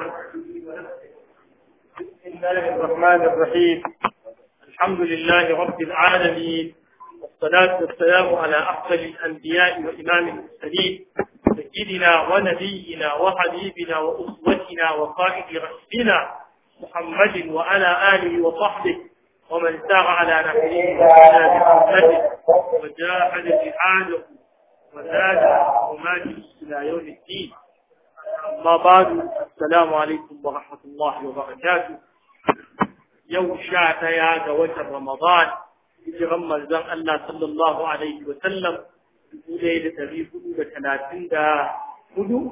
بسم الله الرحمن الرحيم الحمد لله رب العالمين والصلاة والسلام على أفضل الأنبياء وإمام المرسلين سيدنا ونبينا وحبيبنا وأسوتنا وقائد رسلنا محمد وعلى آله وصحبه ومن سار على نحره وعلى بحمده وجاهد جهاده وزاد حرماته إلى يوم الدين ما بعد السلام عليكم ورحمة الله وبركاته يوم شعت يا جوات رمضان في رمى الله صلى الله عليه وسلم وليلة تغيب أولى ثلاثين دا هدو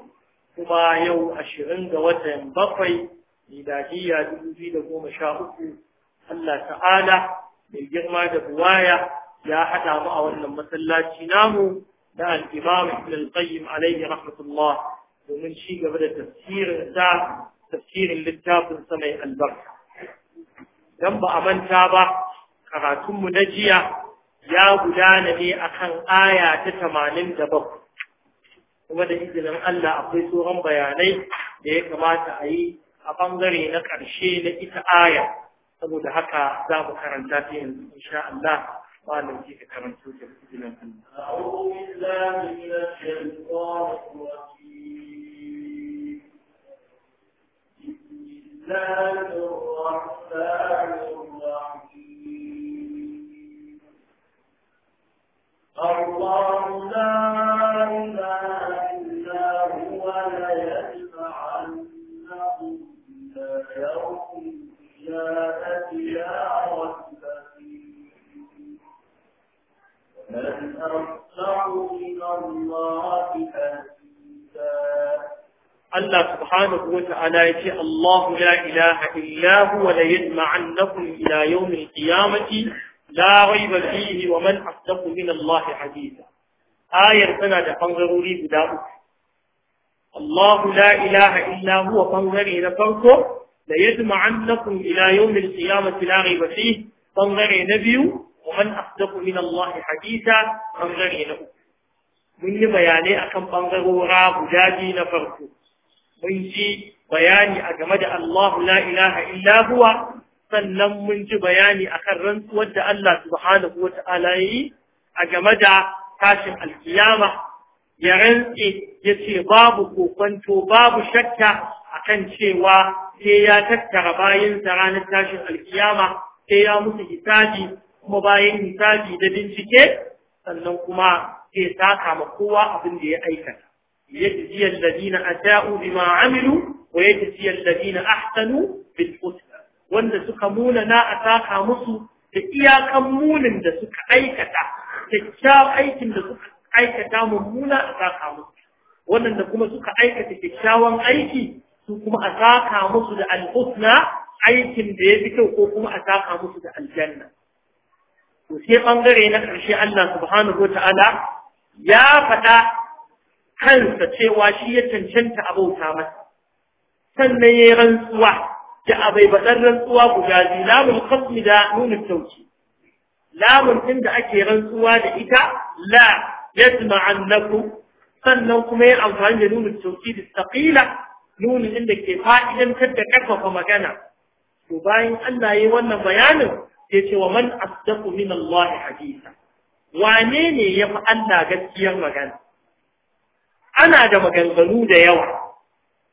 كما يو أشعن جوات ينبقي إذا هي يجيد قوم شاهده الله تعالى من جرمى دبوايا يا حتى ما أولنا مثلات نامو لا الإمام ابن القيم عليه رحمة الله domin ci gaba da tafsirin sa tafsirin littafin mai albarka dan ba a manta ba karatunmu na jiya ya gudana ne akan aya ta tamanin 87 kuma da izinin Allah akwai tsoron bayanai da ya kamata a yi a bangare na ƙarshe na ita aya saboda haka za mu karanta ta yanzu insha Allah malam ji ka karanta ta izinin Allah الله الرحمن الرحيم الله لا إله subhanahu wa ta'ala ya ce Allahu la ilaha illa huwa la yajma'annakum ila yawm al-qiyamati la rayba fihi wa man asdaqu min Allah haditha ayar tana da bangarori guda uku Allahu la ilaha illa huwa bangare na farko la yajma'annakum ila yawm al-qiyamati la rayba fihi bangare na biyu wa man asdaqu min Allah haditha bangare na uku mun yi bayanai akan bangarora guda biyu na farko mun ji bayani a game da Allahu la ilaha illa huwa sannan mun ji bayani akan rantsuwar da Allah subhanahu wa ta'ala yi a game da tashin alkiyama ya rantse ya ce babu kokwanto babu shakka akan cewa sai ya tattara bayansa ranar tashin alkiyama sai ya musu hisabi kuma bayan hisabi da bincike sannan kuma sai saka ma kowa abin da ya aikata ليجزي الذين أساءوا بما عملوا ويجزي الذين أحسنوا بالحسنى وأن سكمونا نا أساقا مصر إياكا مولا دا سك أيكتا تكشار أيكا دا سك أيكتا ممونا أساقا مصر وأن دا كما سك أيكتا تكشاوا أيكي سكما أساقا مصر دا الحسنى أيكا دا يبكا وكما أساقا مصر دا الجنة وسيقا غيرنا كرشي الله سبحانه وتعالى يا فتاة kansa cewa shi ya cancanta abauta masa sannan ya yi rantsuwa da abaibaɗar rantsuwa guda biyu lamun kasmi da nunin tauci lamun ɗin da ake rantsuwa da ita la yasma annaku sannan kuma ya amfani da nunin tauci da saƙila nunin inda ke fa'idantar da ƙarfafa magana to bayan Allah ya yi wannan bayanin sai ce wa man asdaqu min Allah hadisa wane ne ya fi Allah gaskiyar magana ana da maganganu da yawa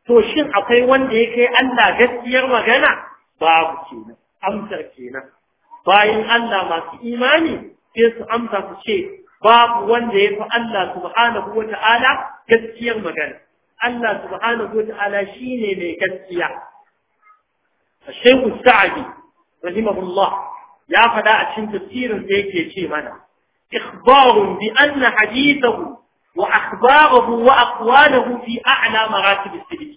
to shin akwai wanda ya kai Allah gaskiyar magana babu kenan amsar kenan bayan Allah masu imani sai su amsa su ce babu wanda ya fi Allah subhanahu wa gaskiyar magana Allah subhanahu wa shine mai gaskiya Sheikh Sa'di rahimahullah ya faɗa a cikin tafsirin da yake ce mana ikhbarun bi anna hadithahu وأخباره وأقواله في أعلى مراتب السجن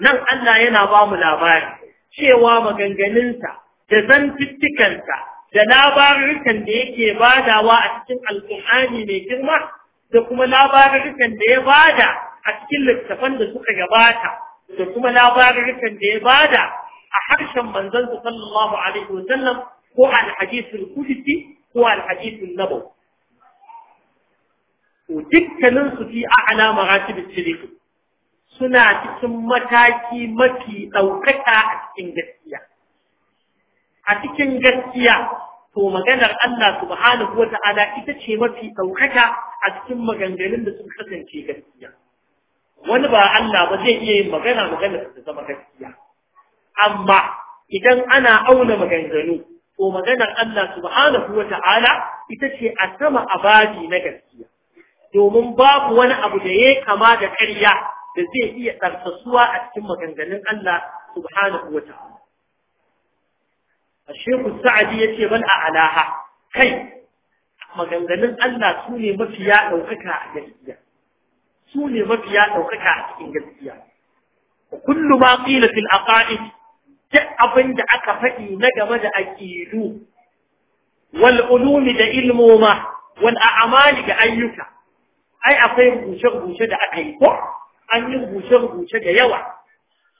nan Allah yana ba mu labari cewa maganganunsa da zantuttukansa da labarukan da yake badawa a cikin alƙur'ani mai girma da kuma labarukan da ya bada a cikin littattafan da suka gabata da kuma labarukan da ya bada a harshen manzansa sallallahu alaihi wa sallam ko al-hadithul qudsi ko al-hadithun nabawi to dukkanin su fi a'la maratib shirk suna cikin mataki mafi daukaka a cikin gaskiya a cikin gaskiya to maganar Allah subhanahu wa ta'ala ita ce mafi daukaka a cikin maganganun da suka kasance gaskiya wani ba Allah ba zai iya yin magana magana ta zama gaskiya amma idan ana auna maganganu to maganar Allah subhanahu wa ta'ala ita ce a sama abadi na gaskiya domin babu wani abu da ya kama da ƙarya da zai iya ƙarsasuwa a cikin maganganun Allah subhanahu wa ta'ala Shehu Sa'adi ya ce bal a alaha kai maganganun Allah su ne mafiya ɗaukaka a gaskiya su ne mafiya ɗaukaka a cikin gaskiya kullu ma qila fil aqaid duk abin da aka faɗi na game da aƙidu. wal ulumi da ilmoma wal a'mali da ayyuka ai akwai rubuce bushe da aka yi ko an yi rubuce bushe da yawa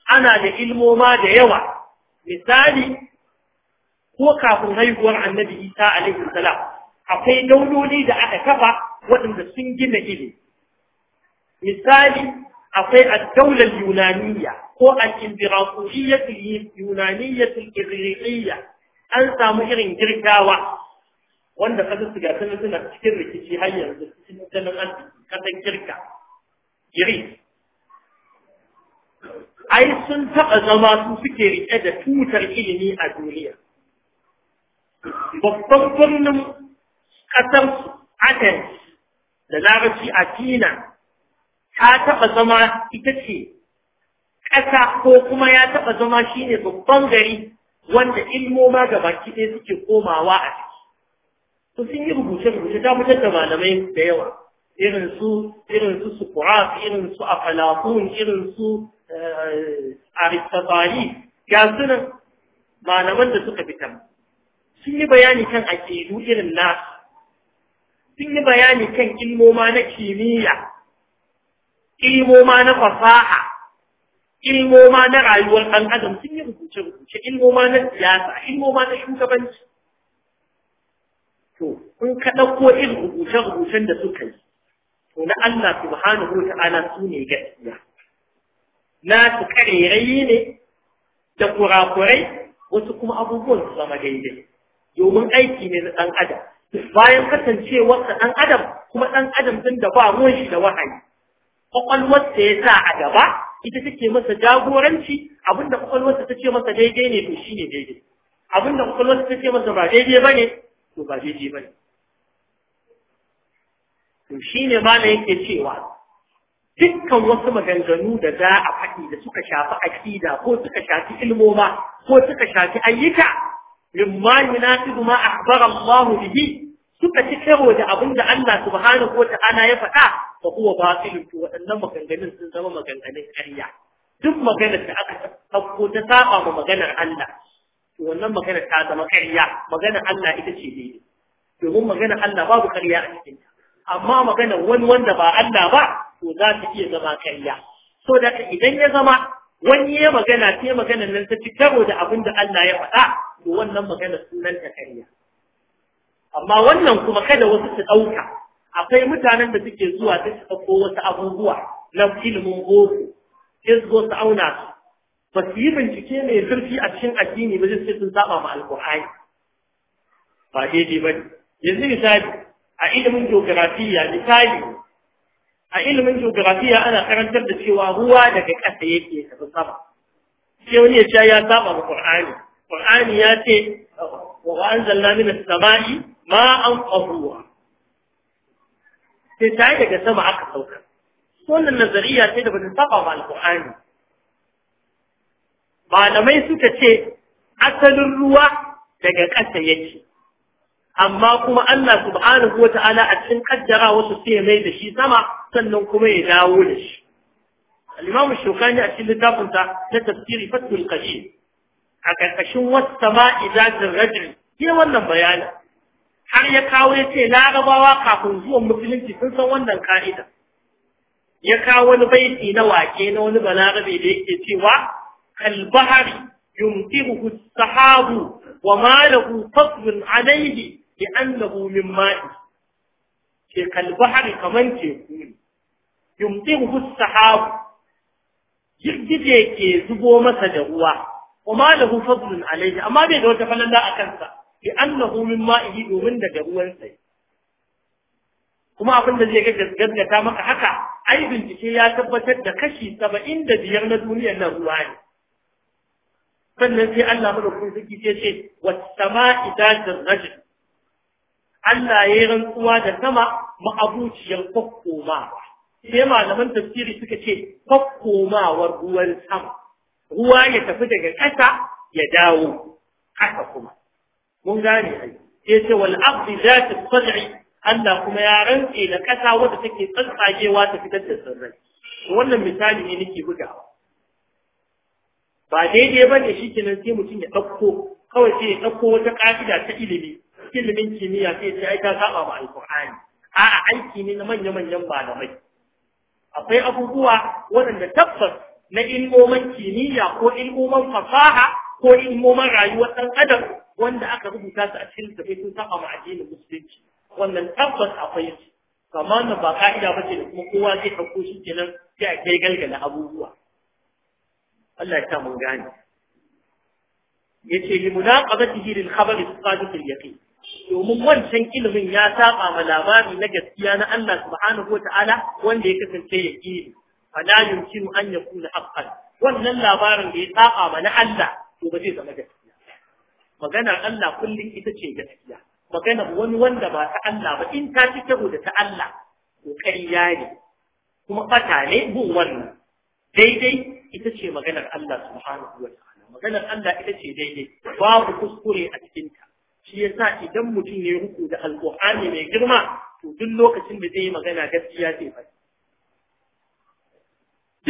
ana da ilmoma da yawa misali ko kafin haihuwar annabi isa alaihi salam akwai dauloli da aka kafa waɗanda sun gina ilimi misali akwai ad-daular yunaniya ko al-imbirakuriyatul yunaniyatul irriqiyya an samu irin girgawa wanda kasar su suna cikin rikici har yanzu cikin tattalin arziki kasan kirka giri. ai sun taɓa zama su suke riƙe da tutar ilimi a duniya babban birnin ƙasar Athens da larabci Athena ta taɓa zama ita ce ƙasa ko kuma ya taɓa zama shine babban gari wanda ilmoma ga baki ɗaya suke komawa a ciki to sun yi rubuce-rubuce ta fitar da malamai da yawa irin su irin su sukurat irin su afalafun irin su eh, aristotle ya suna malaman da suka fitar sun yi bayani kan aƙidu irin na sun yi bayani kan ilmoma na kimiyya ilmoma na fasaha ilmoma na rayuwar ɗan adam sun yi rubuce-rubuce ilmoma na siyasa ilmoma na shugabanci to in ka ɗauko irin rubuce-rubucen da suka yi to na Allah subhanahu wa ta'ala su ne gaskiya na su karerayi ne da kurakurai wasu kuma abubuwan su zama daidai domin aiki ne na ɗan adam bayan kasancewarsa dan adam kuma ɗan adam din da ba ruwan shi da wahayi kwakwalwarsa ya sa a gaba ita take masa jagoranci abinda kwakwalwarsa ta ce masa daidai ne to shine daidai abinda kwakwalwarsa ta ce masa ba daidai bane to ba daidai ba ne to shine ma na yake cewa dukkan wasu maganganu da za a faɗi da suka shafi aƙida ko suka shafi ilmoma ko suka shafi ayyuka mimma yunasibu ma akhbara Allah bihi suka ci karo da abin da Allah subhanahu wa ta'ala ya faɗa fa huwa batilun to waɗannan maganganun sun zama maganganun ƙarya duk maganar da aka ɗauko ta saba ma maganar Allah wannan magana ta zama ƙarya magana Allah ita ce dai-dai, domin magana Allah babu ƙarya a cikin ta amma magana wani wanda ba Allah ba to za ta iya zama ƙarya so da idan ya zama wani ya magana sai magana nan ta ci karo da abin da Allah ya faɗa to wannan magana sunan ta ƙarya amma wannan kuma kada wasu su ɗauka akwai mutanen da suke zuwa ta su ɗauko wasu abubuwa na ilimin boko sai su zo su auna su ba su yi bincike mai zurfi a cikin addini ba sai sun saba ma alƙur'ani ba daidai ba ne yanzu misali a ilimin geografiya misali a ilimin geografiya ana karantar da cewa ruwa daga ƙasa yake tafi sama sai wani ya ce ya saba ma qur'ani qur'ani ya ce wa anzalna as sama'i ma'an qahwa sai ta daga sama aka sauka wannan nazariya sai da bata saba ma alƙur'ani malamai suka ce asalin ruwa daga ƙasa yake amma kuma Allah subhanahu wata'ala a cikin kaddara wasu sai mai da shi sama sannan kuma ya dawo da shi al-imamu shukani a cikin littafin sa na tafsiri fatul qadim a karkashin sama'i, zatin rajul ke wannan bayani har ya kawo ya ce larabawa kafin zuwan musulunci sun san wannan ka'ida ya kawo wani baiti na wake na wani balarabe da yake cewa كالبحر يمطره السحاب وما له فضل عليه لأنه من ماء كالبحر كمان تكون يمطره السحاب girgije ke zubo masa da ruwa kuma da hu alaihi amma bai da wata falalla a kansa bi annahu min ma'ihi domin daga ruwan sai kuma abin da zai gaskata maka haka ai bincike ya tabbatar da kashi saba'in da biyar na duniyar na ruwa ne sannan sai Allah madaukakin sarki ce ce was-sama'i dhatir rajul Allah ya yi rantsuwa da sama ma'abuciyar kokkomawa sai malaman tafsiri suka ce kokkomawar ruwan sama ruwa ya tafi daga ƙasa ya dawo ƙasa kuma mun gane ai sai ce wal ardi dhati sad'i Allah kuma ya rantse da ƙasa wadda take tsantsagewa ta fitar da tsirrai wannan misali ne nake bugawa ba daidai ba ne shi nan sai mutum ya ɗauko kawai sai ya ɗauko wata ƙa'ida ta ilimi ilimin kimiyya sai sai aita saba ba alƙur'ani a'a aiki ne na manya-manyan malamai akwai abubuwa waɗanda tabbas na ilmoman kimiyya ko ilmoman fasaha ko ilmoman rayuwar ɗan adam wanda aka rubuta su a cikin littafi sun saba ma addinin musulunci wannan tabbas akwai su kamar ba ka'ida ba ce da kuma kowa zai ɗauko shi kenan sai a kai galgala abubuwa Allah ya sa mun Ya ce li munaqabatihi lil khabar as-sadiq al-yaqin domin wancan ilimin ya saba ma labari na gaskiya na Allah subhanahu wata'ala wanda ya kasance ya ƙi fala yumkinu an yakuna haqqan wannan labarin da ya saba ma na Allah to ba zai zama gaskiya maganar Allah kullum ita ce gaskiya maganar wani wanda ba ta Allah ba in ta ci kyau da ta Allah ko kariya ne kuma fata ne bu wannan daidai ita ce maganar Allah subhanahu wa ta'ala maganar Allah ita ce daidai babu kuskure a cikinta shi yasa idan mutum ya ruku da alqur'ani mai girma to duk lokacin da zai magana gaskiya zai faɗi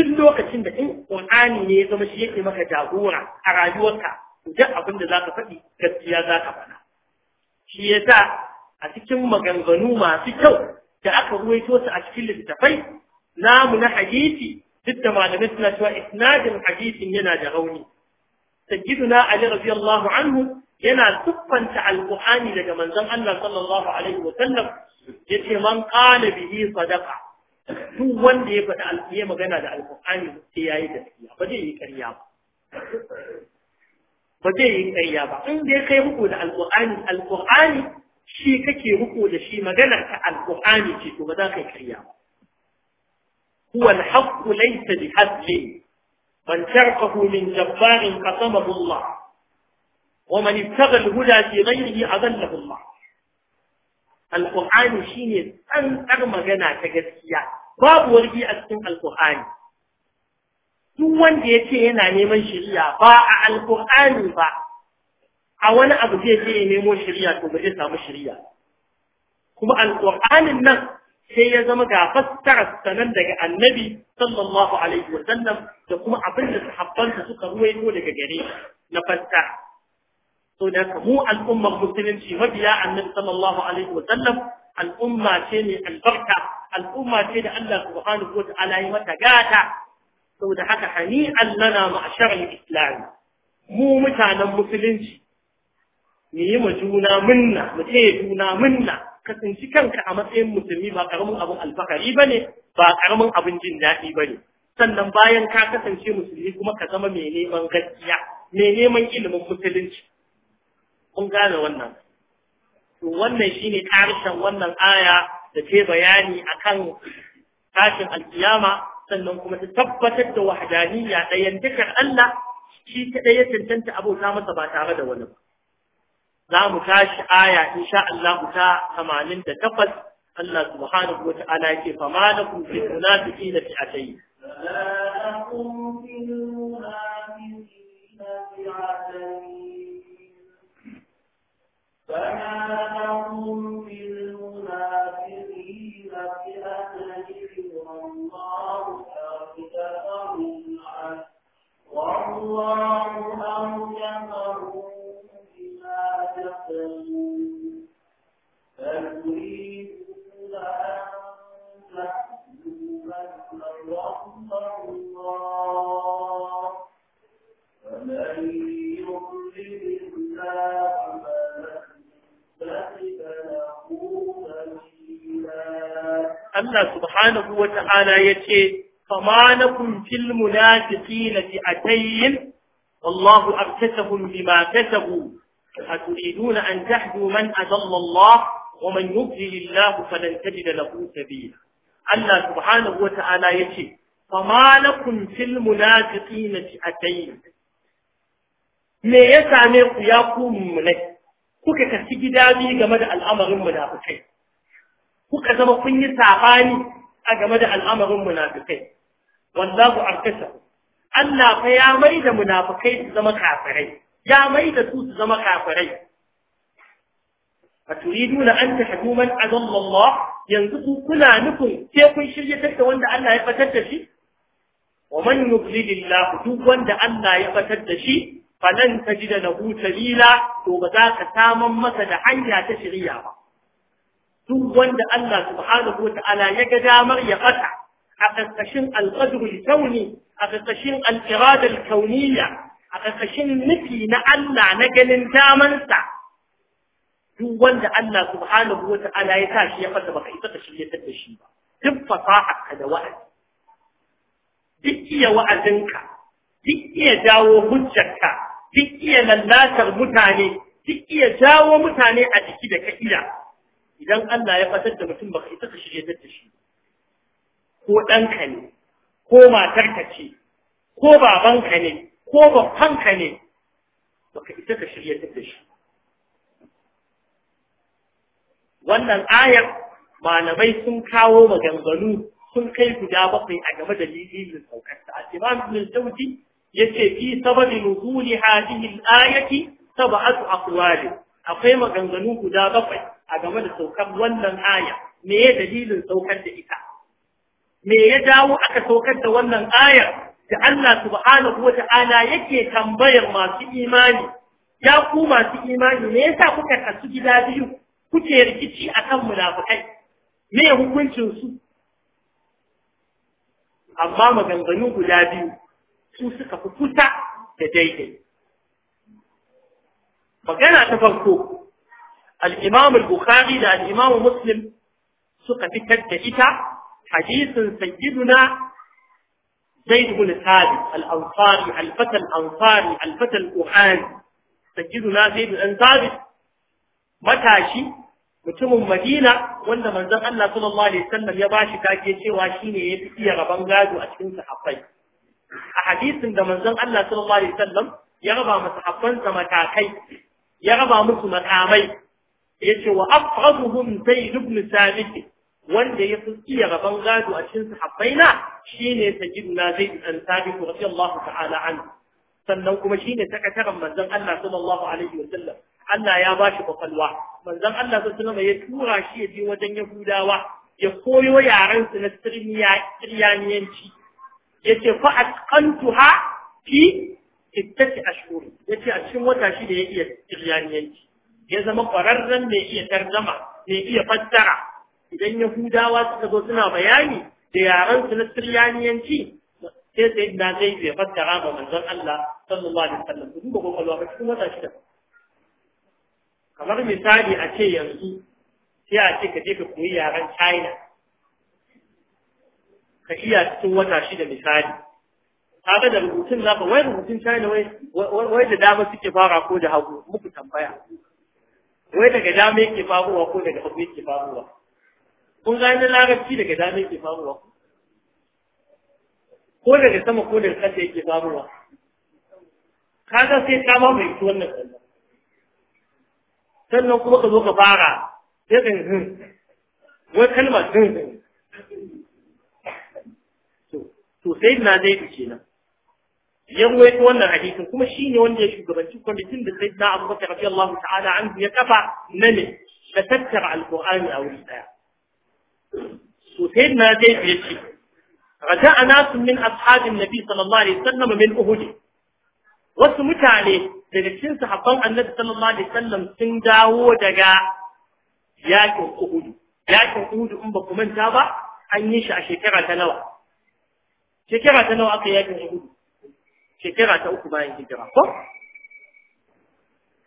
duk lokacin da in qur'ani ne ya zama shi yake maka jagora a rayuwarka to duk abin da zaka faɗi gaskiya zaka faɗa shi yasa a cikin maganganu masu kyau da aka ruwaito su a cikin littattafai namu na hadisi duk da malamai suna cewa isnadin hadisin yana da rauni sayyiduna ali radiyallahu anhu yana tuffanta alqur'ani daga manzon Allah sallallahu alaihi wa sallam yace man qala bihi sadaqa duk wanda ya faɗi alƙiya magana da alqur'ani sai yayi gaskiya ba zai yi ƙarya ba ba zai yi ƙarya ba in dai kai muku da alqur'ani alqur'ani shi kake muku da shi maganar ta alqur'ani ce to ba za ka yi ƙarya ba هو الحق ليس بحزل من شرقه من جبار قسمه الله ومن ابتغى الهدى في غيره أذله الله القرآن شيني أن أرمغنا تجسيا باب ورقي أسن القرآن duk wanda ya ce yana neman shirya ba a alkur'ani ba a wani abu zai je ya nemo shirya to ba zai samu shirya kuma alkur'anin nan sai ya zama ga fassara sanan daga annabi sallallahu alaihi wasallam da kuma abin da sahabbansa suka ruwaito daga gare na fassara to da mu al'ummar musulunci mabiya annabi sallallahu alaihi wasallam al'umma ce mai albarka al'umma ce da Allah subhanahu wa ta'ala ya mata gata saboda haka hani'an allana ma'asharal islam mu mutanen musulunci mu yi ma juna minna mu taya juna minna ka tsinci kanka a matsayin musulmi ba karamin abin alfahari ba ne ba karamin abin jin daɗi ba ne sannan bayan ka kasance musulmi kuma ka zama mai neman gaskiya mai neman ilimin musulunci kun gane wannan to wannan shine karshen wannan aya da ke bayani a kan tashin alkiyama sannan kuma ta tabbatar da wahadaniya ɗayan dukkan Allah shi ta ɗaya cancanta abota masa ba tare da wani ba za mu tashi aya insha Allah ta 88 Allah subhanahu wa ta'ala yake fa ma lakum fil fi fi'atayn فما لهم في المنافقين فئتين والله أرجعهم عنه تعلمون بل أن تحكموا من رحم الله فمن يضلل الله فلن تجد له سبيلا الله سبحانه وتعالى يتي فما لكم في المنافقين فئتين والله أركسهم بما كسبوا أتريدون أن تهدوا من أضل الله ومن يضلل الله فلن تجد له سبيلا الله سبحانه وتعالى يتي فما لكم في المنافقين فئتين me ya same ku ya ku mummunai kuka kasi gida biyu game da al'amarin munafikai kuka zama kun yi a game da Allah fa ya mai da munafikai su zama ya mai da su su zama kafirai a turiduna an tahdu man azalla yanzu ku kuna nufin sai kun shirya da wanda Allah ya fatar da shi wa man yudlilillahu duk wanda Allah ya fatar da shi falan tajida lahu sabila to ba za ka saman masa da hanya ta shirya ba duk wanda Allah subhanahu wata'ala ya ga damar ya fata a ƙarƙashin alƙadrul kauni a ƙarƙashin al'iradar kauniya a ƙarƙashin nufi na Allah na ganin damansa duk wanda Allah subhanahu wa ta'ala ya sa shi ya fata baka isa ka shiryatar da shi ba duk fasaha da wa'azi duk iya wa'azinka duk iya jawo hujjarka duk iya lallatar mutane duk iya jawo mutane a jiki da ka iya idan Allah ya fatar da mutum baka isa ka shiryatar da shi ko ɗanka ne ko matarka ce ko babanka ne ko ba babbanka ne baka ita ka shirya da shi wannan ayar malamai sun kawo maganganu sun kai guda bakwai a game da lilin saukarsa al-imam ibn jawzi yace fi sababi nuzuli hadhihi al-ayati sab'atu aqwali akwai maganganu guda bakwai a game da saukar wannan aya me ya dalilin saukar da ita me ya dawo aka saukar da wannan ayar da Allah subhanahu wa ta'ala yake tambayar masu imani ya ku masu imani me yasa kuka kasu gida biyu kuke rikici akan munafikai me hukuncin su amma maganganu guda biyu su suka fi kusa da daidai magana ta farko al-Imam al-Bukhari da al-Imam Muslim suka fitar da ita hadisin sayyiduna زيد بن ثابت الأنصاري الفتى الأنصاري الفتى الأحاني سجدنا زيد بن ثابت متاشي mutumin Madina wanda manzon Allah sallallahu alaihi wasallam ya bashi kage cewa shine yafi iya raban gado a cikin sahabbai a hadisin da manzon Allah sallallahu alaihi wasallam ya raba sa matakai ya raba musu makamai yace wa afraduhum zaid ibn sabit wanda ya fi iya rabon gado a cikin sahabbai na shine sayyiduna zaid an sabit radiyallahu ta'ala anhu sannan kuma shine sakataren manzon Allah sallallahu alaihi wa Sallam. Allah ya bashi kwakwalwa manzon Allah sallallahu alaihi wasallam ya tura shi ya je wajen Yahudawa ya koyo yaran su na Siriyaniyanci yace fa atqantuha fi ittati ashhur yace a cikin wata shi da ya iya Siriyaniyanci ya zama kwararren mai iya tarjama mai iya fassara idan yahudawa suka zo suna bayani da yaran su na siryaniyanci sai sai na zai bai fata ga manzon Allah sallallahu alaihi wasallam duk ba kokalwa ba cikin wata shida kamar misali a ce yanzu sai a ce ka je ka koyi yaran China ka iya cikin wata shida misali kaga da rubutun zaka, wai rubutun China wai wai da dama suke fara ko da hagu muku tambaya wai daga dama yake faruwa ko daga hagu yake faruwa kun ga na larabci daga dama yake faruwa ko daga sama ko daga kasa yake faruwa kaga sai ka ma mai wannan tsalla sannan kuma ka zo ka fara sai ka hin wai kalmar hin hin to sai na zai bi kenan yan wai wannan hadisin kuma shi ne wanda ya shugabanci kwamitin da na Abubakar Allah ta'ala an ya kafa na ne da tattara alqur'ani a wuri ɗaya. سوسيد ما زيد يجي رجع ناس من أصحاب النبي صلى الله عليه وسلم من أهود وسمت عليه لكن صحابة النبي صلى الله عليه وسلم سنداو دقا ياكم أهود yakin Uhud in ba ku manta ba an yi shi a shekara ta nawa shekara ta nawa aka yakin Uhud shekara ta uku bayan hijira ko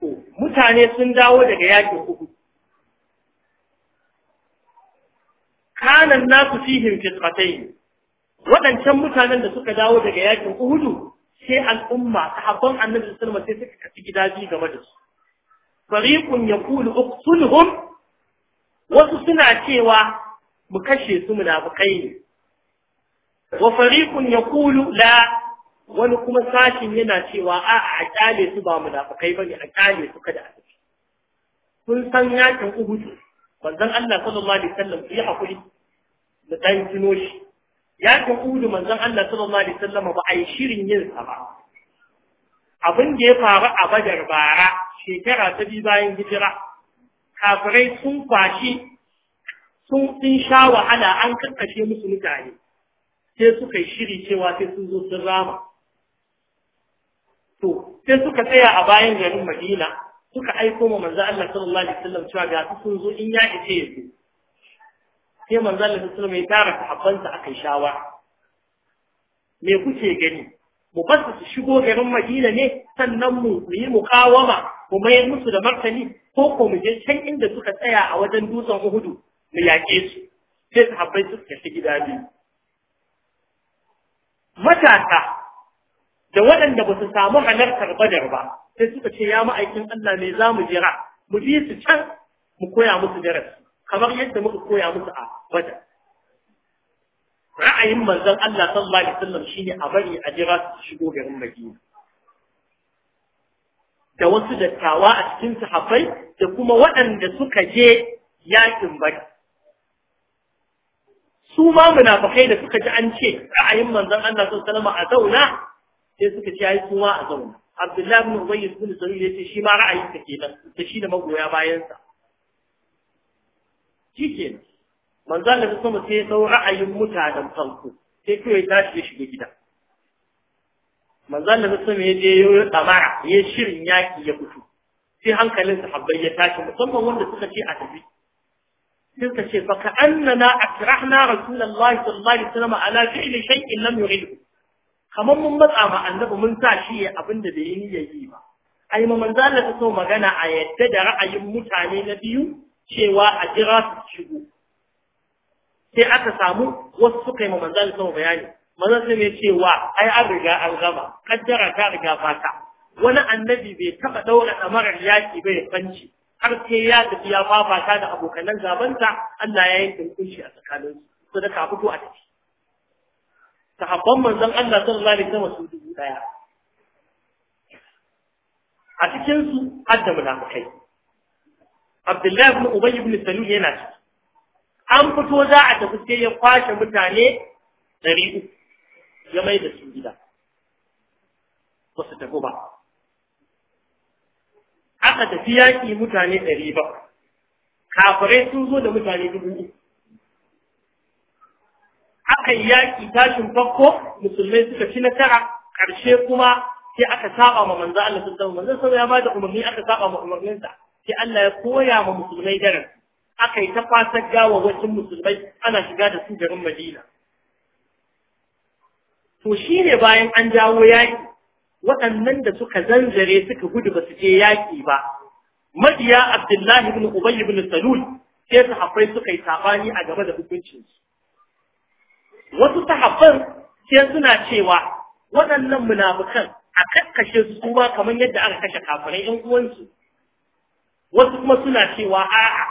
to mutane sun dawo daga yakin Uhud kana nasu fihim fitratay wadancan mutanen da suka dawo daga yakin Uhudu sai al'umma sahabban Annabi sallallahu alaihi wasallam sai suka kafi gidaji game da su fariqun yaqulu uqtulhum wasu suna cewa mu kashe su munafikai ne wa fariqun yaqulu la wani kuma sashin yana cewa a a kyale su ba munafikai bane a kyale su kada a tafi kun san yakin Uhud manzon Allah sallallahu alaihi wasallam ya hakuri da ɗan tuno shi ya ga udu manzon Allah sallallahu alaihi wasallam ba a yi shirin yin sa ba abin da ya faru a Badar bara shekara ta biyu bayan hijira kafirai sun kwashi sun sun sha wahala an kakkashe musu mutane sai suka yi shiri cewa sai sun zo sun rama to sai suka tsaya a bayan garin Madina suka aiko ma manzo Allah sallallahu alaihi wasallam cewa ga sun zo in ya ice yake sai manzo Allah sallallahu alaihi wasallam ya tara sahabbansa akai shawa me kuke gani mu basu su shigo garin Madina ne sannan mu yi muqawama mu mai musu da martani ko ko mu je can inda suka tsaya a wajen dutsen Uhud mu yaƙe su sai sahabbai ka tafi gida biyu matasa da waɗanda ba su samu halartar badar ba sai suka ce ya ma'aikin Allah ne za mu jira mu bi su can mu koya musu darasi kamar yadda muka koya musu a bada ra'ayin manzon Allah sallallahu alaihi wasallam shine a bari a jira su shigo garin Madina da wasu dattawa a cikin sahabbai da kuma waɗanda suka je yakin bai. su ma munafikai da suka ji an ce ra'ayin manzon Allah sallallahu alaihi wasallam a zauna sai suka ce ai kuma a zauna Abdullahi ibn Ubayy ibn Salul yace shi ma ra'ayinsa sa kenan da shi da magoya bayansa shi ke nan manzan da kuma sai sau ra'ayin mutanen farko sai yi tashi ya shiga gida manzan da kuma ya je ya tsamara ya shirin yaki ya fito sai hankalin sahabbai ya tashi musamman wanda suka ce a tafi suka ce fa ka'annana akrahna rasulullahi sallallahu alaihi wasallam ala fi'li shay'in lam yuridu kamar mun matsa ma annabi mun sa shi ya abin da bai yi ba ai ma manzo Allah so magana a yadda da ra'ayin mutane na biyu cewa a jira su shigo sai aka samu wasu suka yi ma manzan sama bayani manzan sai ya cewa ai an riga an gama kaddara ta riga fata wani annabi bai taba daura amarar yaki bai fanci har sai ya tafi ya fafata da abokanan gabanta Allah ya yi hukunci a tsakanin su da ka fito a tafi sahabban manzon Allah sallallahu alaihi wasallam su dubu daya a cikin su da munafikai Abdullahi ibn Ubayy ibn Salul yana ciki an fito za a tafi sai ya kwashe mutane ɗari uku ya mai da su gida ba su tafi ba aka tafi yaƙi mutane ɗari ba kafirai sun zo da mutane dubu uku aka yi yaƙi tashin farko musulmai suka ci nasara ƙarshe kuma sai aka saba ma manzo Allah sallallahu alaihi wasallam manzo ya bada umarni aka saba ma umarninsa sai Allah ya koya wa musulmai daren aka yi ta fasar wasu musulmai ana shiga da su garin Madina to shi ne bayan an jawo yaƙi waɗannan da suka zanzare suka gudu ba su je yaƙi ba mabiya Abdullahi ibn Ubay ibn Salul sai sahabbai suka yi sabani a game da hukuncinsu wasu sahabban sai suna cewa waɗannan munafukan a kakkashe su kuma kamar yadda aka kashe kafirai ƴan uwansu wasu kuma suna cewa a'a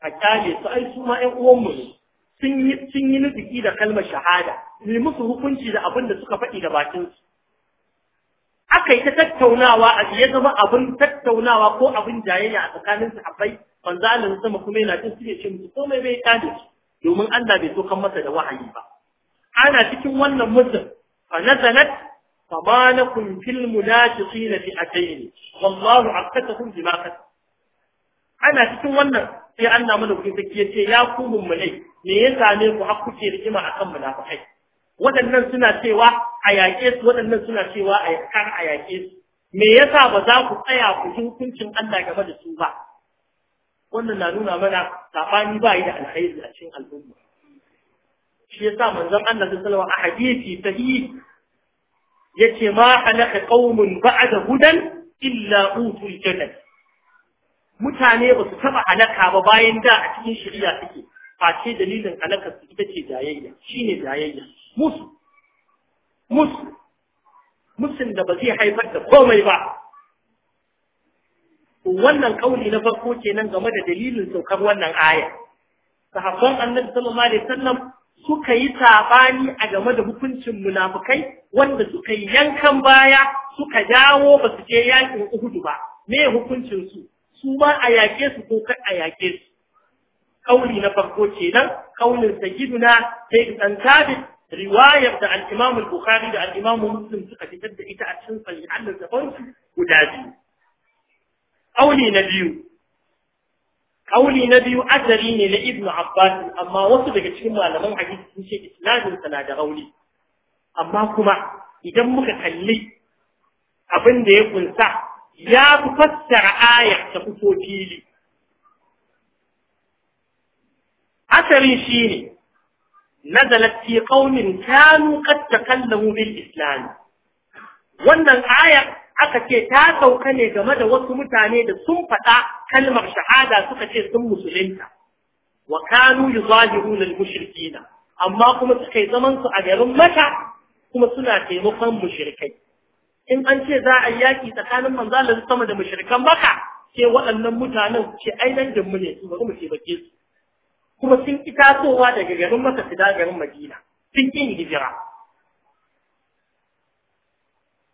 a kyale su ai su ma ƴan uwanmu ne sun yi sun yi nufiki da kalmar shahada ne musu hukunci da abin da suka faɗi da bakin su aka yi ta tattaunawa a ya zama abin tattaunawa ko abin jayayya a tsakanin a manzo Allah sama kuma yana cin suke ce musu komai bai kyale domin Allah bai so kan masa da wahayi ba ana cikin wannan mutum fa nazalat فما لكم في المنافقين فئتين والله عقدتهم بما كسبوا ana cikin wannan sai Allah mana wuce sai ce ya ku mummunai me ya same ku har kuke rigima akan munafikai waɗannan suna cewa a yaƙe su waɗannan suna cewa a kan a yaƙe su me yasa ba za ku tsaya ku ji hukuncin Allah game da su ba wannan na nuna mana sabani ba yi da alkhairi a cikin al'umma shi yasa manzon Allah sallallahu alaihi wasallam a hadisi sahihi yace ma halaka kaumun ba'da hudan illa utul jannah mutane ba su taba halaka ba bayan da a cikin shari'a take face dalilin halakar su ita ce jayayya shine jayayya musu musu musun da ba zai haifar da komai ba wannan kauli na farko kenan game da dalilin saukar wannan aya sahabban annabi sallallahu alaihi wasallam suka yi sabani a game da hukuncin munafukai wanda suka yi yankan baya suka dawo ba su je yakin Uhudu ba me hukuncin su su ma a yake su ko kai a yake su kauli na farko kenan kaulin sayyiduna sai ɗan sabit riwayar da al-Imam bukhari da al-Imam Muslim suka fitar da ita a cikin sahihan da guda biyu kauli na biyu kauli na biyu asali ne na ibnu abbas amma wasu daga cikin malaman hadisi sun ce islamin na da rauni amma kuma idan muka kalli abin da ya kunsa ya fi fassara aya ta fito fili Asali shi ne nazalat fi qaumin kanu qad takallamu bil islam wannan ayar aka ce ta sauka ne game da wasu mutane da sun faɗa kalmar shahada suka ce sun musulunta wa kanu yuzahiruna al-mushrikina amma kuma suka yi zaman su a garin mata kuma suna taimakon mushrikai in an ce za a yaki tsakanin manzalar sama da mushrikan maka ce waɗannan mutanen ce ai mu ne su bari mu taimake su kuma sun ki tasowa daga garin maka su da garin madina sun kin hijira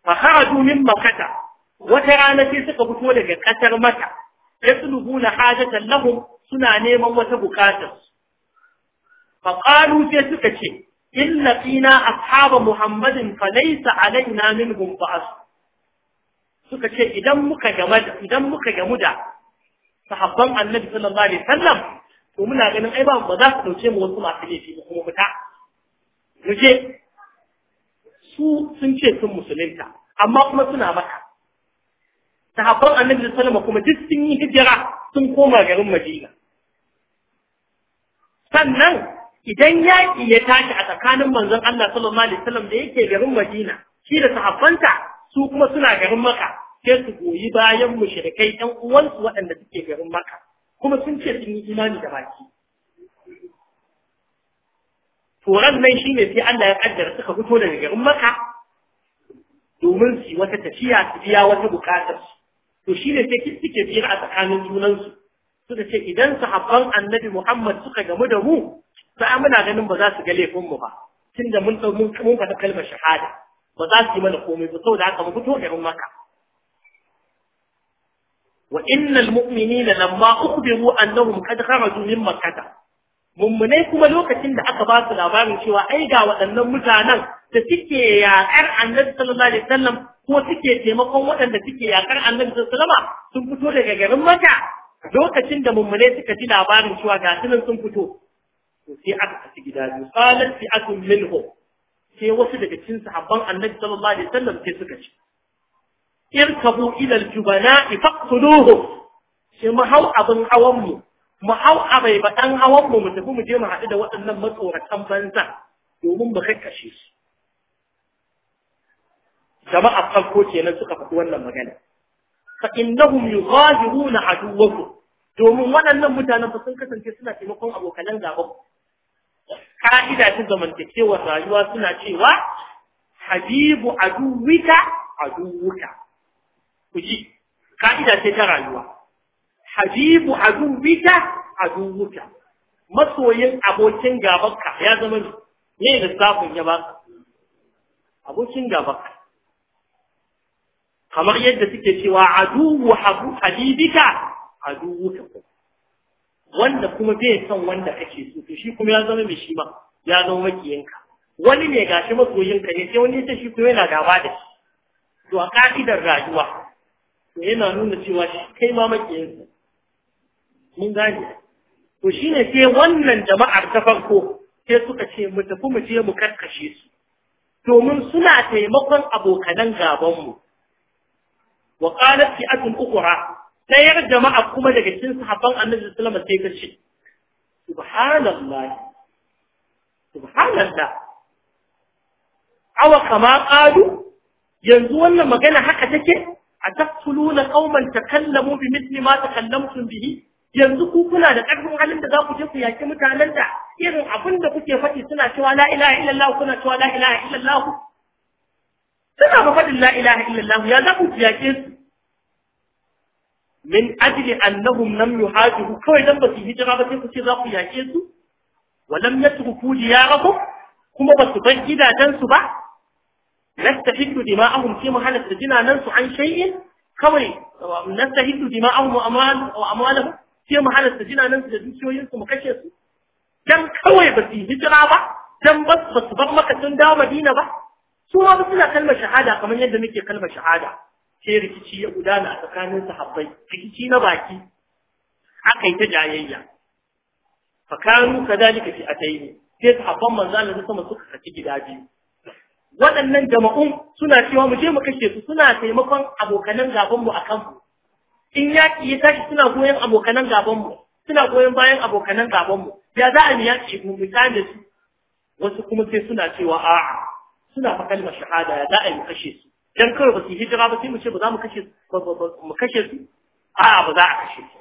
fa kharaju min wata rana sai suka fito daga kasar mata na hajatan lahum suna neman wata bukatar fa qalu sai suka ce inna fina ashaba muhammadin fa laysa alaina minhum ba'as suka ce idan muka gamu idan muka gamu da sahabban annabi sallallahu alaihi wasallam to muna ganin ai ba za su dauke mu wasu masu laifi ba kuma fita mu je su sun ce sun musulunta amma kuma suna maka sahabban annabi sallama kuma duk sun yi hijira sun koma garin madina sannan idan yaƙi ya tashi a tsakanin manzon Allah sallallahu alaihi wasallam da yake garin madina shi da sahabbanta su kuma suna garin maka sai su goyi bayan mushrikai ɗan uwansu waɗanda suke garin maka kuma sun ce sun yi imani da baki Toran nan shi ne sai Allah ya kaddara suka fito daga garin maka domin su wata tafiya su biya wata bukatar su. To shi ne sai suke tsira a tsakanin junansu. Suka ce idan sahabban annabi Muhammad suka gamu da mu, sa'a muna ganin ba za su ga laifinmu ba. Tunda mun mun mun faɗa kalmar shahada. Ba za su yi mana komai ba saboda haka mu fito garin Makka. وإن المؤمنين لما أخبروا أنهم قد خرجوا من مكة mummunai kuma lokacin da aka ba su labarin cewa ai ga waɗannan mutanen da suke yaƙar annabi sallallahu alaihi wasallam ko suke taimakon waɗanda suke yaƙar annabi sallallahu alaihi wasallam sun fito daga garin Makka lokacin da mummunai suka ji labarin cewa ga sunan sun fito to sai aka tafi gida biyu qalat fi'atun minhum sai wasu daga cikin sahabban annabi sallallahu alaihi wasallam sai suka ce irkabu ila al jubana faqtuluhum sai mu hau abin hawan mu mu hau a bai ba ɗan hawan mu tafi mu je mu haɗu da waɗannan matsoratan banza domin mu kashe su jama'a farko kenan suka faɗi wannan magana fa innahum yuzahiruna aduwwakum domin waɗannan mutanen ba sun kasance suna taimakon abokanan gaba. ka'ida ta zamantakewar rayuwa suna cewa habibu aduwika aduwuka ku ji ka'ida ce ta rayuwa habibu aduwika aduwuka masoyin abokin gabanka ya zama ne da safin ya baka abokin gabanka kamar yadda suke cewa aduwu habu habibika aduwuka wanda kuma bai san wanda kake so to shi kuma ya zama mai shi ma ya zama makiyinka wani ne gashi ka ne sai wani ya shi kuma yana gaba da shi to a ka'idar rayuwa to yana nuna cewa shi kai ma makiyinsa mun gane to shine sai wannan jama'ar ta farko sai suka ce mu tafi mu je mu karkashe su domin suna taimakon abokanan gabanmu wa qalat fi'atun ukhra tayar jama'a kuma daga cikin sahabban annabi sallallahu alaihi wasallam sai kace subhanallah subhanallah awa kama qalu yanzu wannan magana haka take ataqtuluna qauman takallamu bi mithli ma takallamtum bihi yanzu ku kuna da ƙarfin halin da za ku je ku yaki mutanen da irin abin da kuke faɗi suna cewa la ilaha illallah kuna cewa la ilaha illallah suna ba faɗin la ilaha illallah ya za ku yake su min ajli annahum lam yuhajiru kawai dan ba su hijira ba sai ku ce za ku yaƙe su wa lam yatruku diyarakum kuma ba su bar gidajen su ba nastahiddu dima'ahum fi mahalat jinanan su an shay'in kawai nastahiddu dima'ahum wa amwalahum sai mu halasta jina su da dukiyoyin su mu kashe su dan kawai ba su hijira ba dan ba su bar maka sun dawo Madina ba su ma ba suna kalmar shahada kamar yadda muke kalmar shahada sai rikici ya gudana a tsakanin sahabbai rikici na baki aka yi ta jayayya fakanu kadalika fi ataini sai sahabban manzo Allah sama suka saki gida biyu waɗannan jama'un suna cewa mu je mu kashe su suna taimakon abokanan gaban mu akan mu in yaƙi ya tashi suna goyon abokanan gabanmu suna goyon bayan abokanan gabanmu ya za a yi yaƙi mu mutane su wasu kuma sai suna cewa a'a suna fa kalmar shahada ya za a yi kashe su dan kawai ba su hijira ba sai mu ce ba za mu kashe mu kashe su a'a ba za a kashe su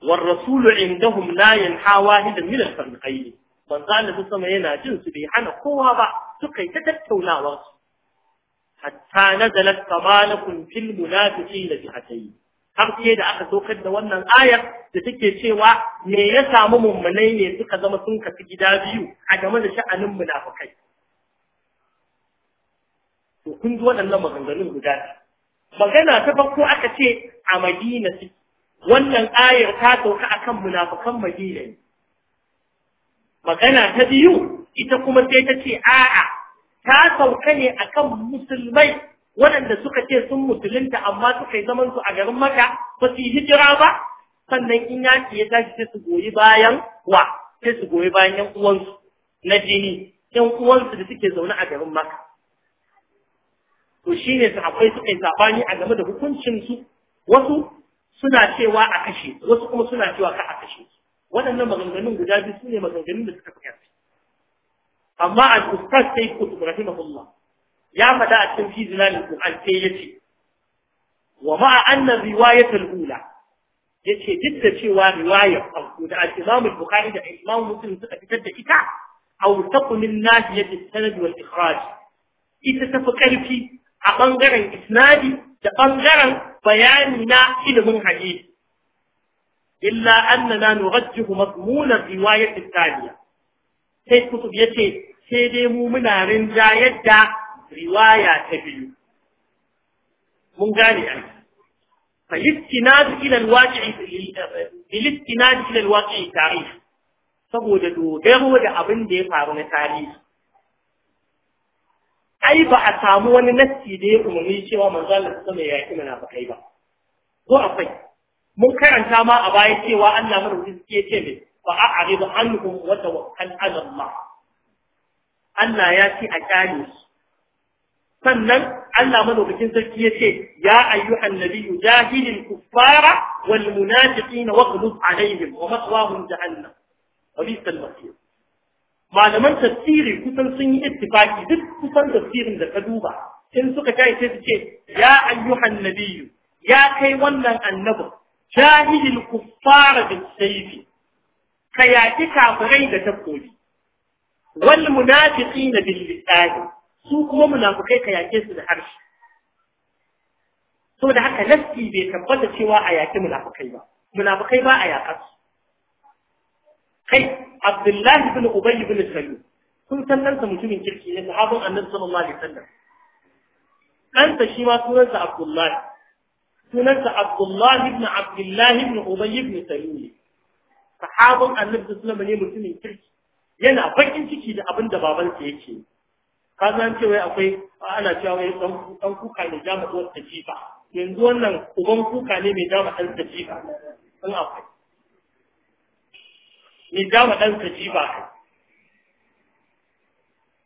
War والرسول عندهم لا ينحى واحدا من الفريقين manzo Allah sama yana jin su bai hana kowa ba suka yi ta tattaunawa su hatta nazalat tabalakun fil munafiqina jihatayn har sai da aka tokar da wannan ayar da take cewa me ya samu mummunai ne suka zama sun kafi gida biyu a game da sha'anin munafikai to kun ji waɗannan maganganun guda magana ta farko aka ce a Madina su wannan ayar ta sauka akan munafikan Madina ne magana ta biyu ita kuma sai ta ce a'a ta sauka ne akan musulmai waɗanda suka ce sun musulunta amma suka yi zaman su a garin maka ba su yi hijira ba sannan in yaki ya tashi sai su goyi bayan wa sai su goyi bayan yan uwansu na jini yan uwansu da suke zaune a garin maka to su akwai suka yi sabani a game da hukuncin su wasu suna cewa a kashe wasu kuma suna cewa ka a kashe waɗannan maganganun guda biyu su ne maganganun da suka fi amma al-ustaz sai kutub rahimahullah ya fada a cikin fi Qur'an sai yace wa ma'a anna riwayatul ula yace duk da cewa riwayar farko da al-Imam al-Bukhari da Imam Muslim suka fitar da ita aw taqum min nahiyati sanad wal ikhraj ita tafi karfi a bangaren isnadi da bangaren bayani na ilimin hadisi illa annana nurajjihu madmun riwayat al-thaniya sai kutub ya ce sai dai mu muna rinja yadda riwaya ta biyu mun gane a falistinadu ilal waqi'i falistinadu ilal waqi'i tarihi saboda dogaro da abin da ya faru na tarihi ai ba a samu wani nassi da ya umarni cewa manzalar Allah sama ya yi munafikai ba ko akwai mun karanta ma a baya cewa Allah madaukakin suke ce mai فأعرض عنهم وتوكل على الله Allah ya ce a kyale su sannan Allah madaukakin sarki ya ce ya ayyuhan nabiyyu jahilil kuffara wal munafiqina waghlub alaihim wa ma'wahum jahannam wa bisal masir malaman tafsiri kusan sun yi ittifaki duk kusan tafsirin da ka duba in suka kai sai su ce ya ayyuhan nabiyyu ya kai wannan annabin, jahilin kuffara bis sayfi ka yaƙi kafirai da takobi wal munafiqina bil lisan su kuma munafikai ka yaƙe su da harshe saboda haka nafsi bai tabbata cewa a yaƙi munafikai ba munafikai ba a yaƙa su kai abdullahi bin ubayy bin salul sun san ɗansa mutumin kirki ne sahabban annabi sallallahu alaihi wasallam ɗansa shi ma sunansa abdullahi sunansa abdullahi ibn abdullahi ibn ubayy ibn ne. sahabin annabi sallallahu ne mutumin kirki yana bakin ciki da abin da babansa yake ka san cewa akwai ana cewa wai dan dan kuka ne da uwar ta jifa yanzu wannan uban kuka ne mai jama dan ta jifa in akwai mai jama dan ta jifa